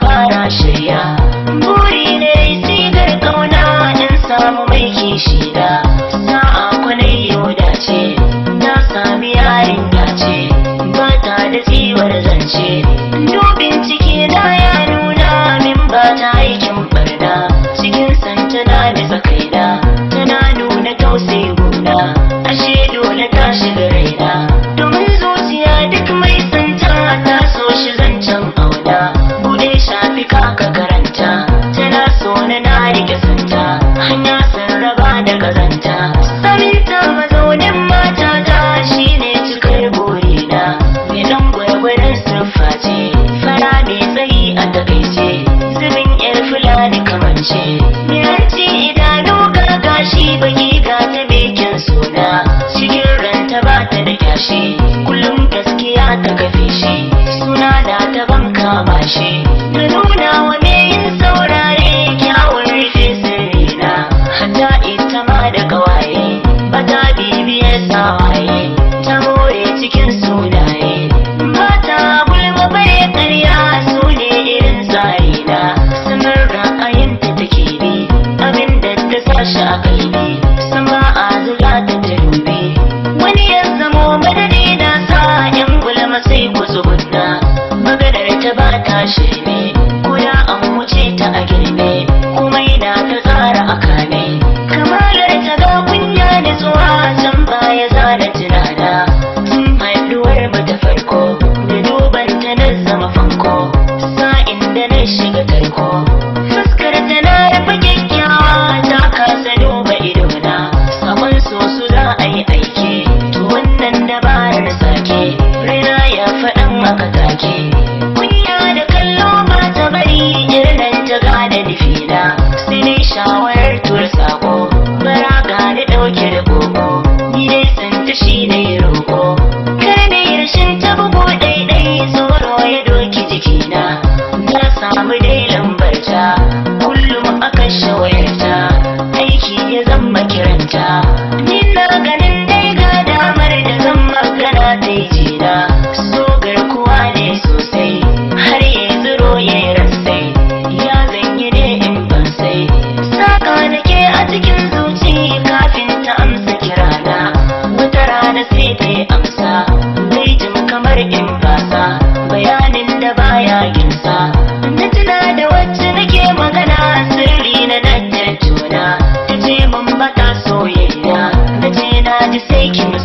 fara shirya buri ne sigar kauna in samu mai kishi zaune na rike santa hanya sun raba da kazanta samita mazaunin mata ta shine cikar gorina mai dan gwargwaron siffa ce fara mai tsayi a takaice zubin yar fulani kamance mai hanci idanu gashi baki ga ta bekin suna cikin ranta ba ta da kyashi kullum gaskiya ta kafe shi suna na ta banka shi zama da kawaye ba ta bibiye sawaye ta more cikin sunaye mata gulma bare karya su ne irin na sanar da ayin da take bi abin da ta sa shi a sama a zuga ta dubi wani ya zamo madadi da sa yan gulma sai ku zugunna maganar ta ba ta shi maka take baya kinsa na tuna da wacce nake magana sirri na nan juna, ta ce mun baka soyayya na ce na ji sai kin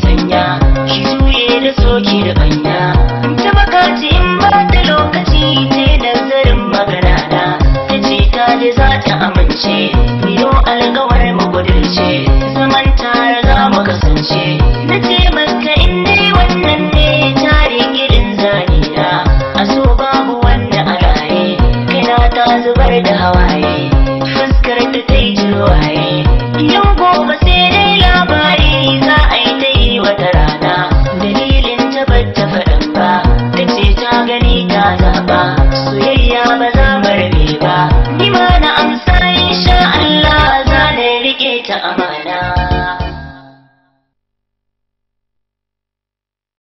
zubar da hawaye fuskar ta ta yi jirwaye